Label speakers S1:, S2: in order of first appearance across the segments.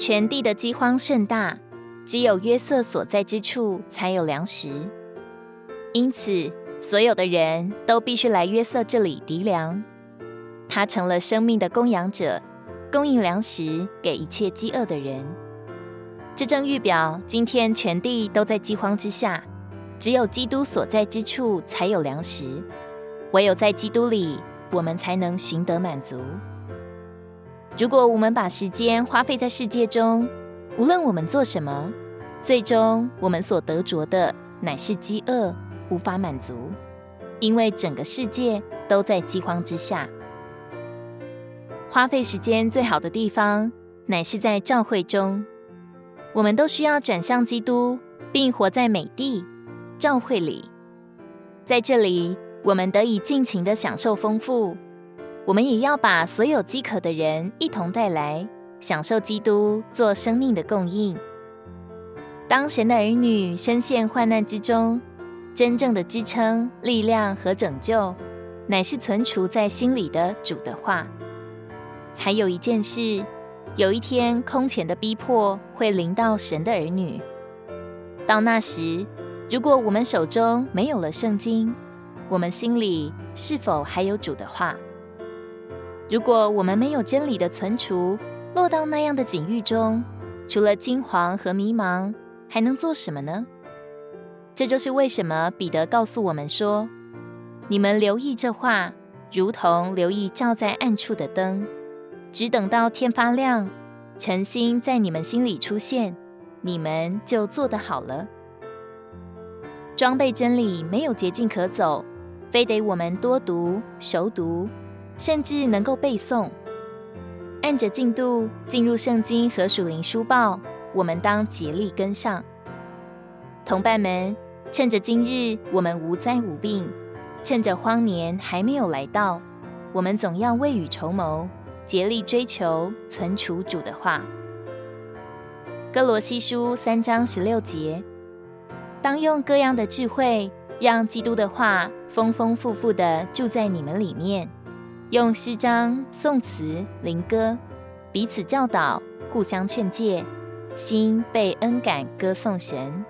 S1: 全地的饑荒甚大，只有約瑟所在之處才有糧食，因此所有的人都必須來約瑟這裡糴糧。他成了生命的供養者，供應糧食給一切饑餓的人。這正預表今天全地都在饑荒之下，只有基督所在之處才有糧食，唯有在基督裡，我們才能尋得滿足。如果我們把時間花費在世界中，無論我們做什麼，最終我們所得着的乃是飢餓，無法滿足，因為整個世界都在饑荒之下。花費時間最好的地方，乃是在召會中。我們都需要轉向基督，並活在美地召會裡。在這裡，我們得以盡情的享受豐富。我們也要把所有飢渴的人一同帶來，享受基督做生命的供應。當神的兒女深陷患難之中，真正的支撐、力量和拯救，乃是存儲在心裡的主的話。還有一件事，有一天空前的逼迫會臨到神的兒女。到那時，如果我們手中沒有了聖經，我們心裡是否還有主的話？如果我們沒有真理的存儲，落到那樣的境遇中，除了驚惶和迷茫，還能做什麼呢？這就是為什麼彼得告訴我們說：“你們留意這話，如同留意照在暗處的燈。直等到天發亮，晨星在你們心裡出現，你們就作得好了。”裝備真理沒有捷徑可走，非得我們多讀、熟讀。甚至能夠背誦，按着進度進入聖經和屬靈書報，我們當竭力跟上。同伴們，趁着今日我們無災無病，趁着荒年還沒有來到，我們總要未雨綢繆，竭力追求存儲主的話。歌羅西書三章十六節，當用各樣的智慧，讓基督的話豐豐富富的住在你們裡面。用詩章、頌辭、靈歌，彼此教導，互相勸誡，心被恩感，歌頌神。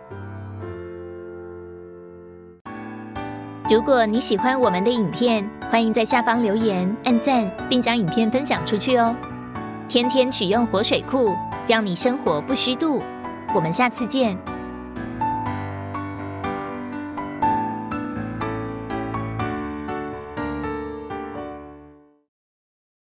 S1: 如果你喜歡我們的影片，歡迎在下方留言、按讚，並將影片分享出去哦！天天取用活水庫，讓你生活不虛度。我們下次見。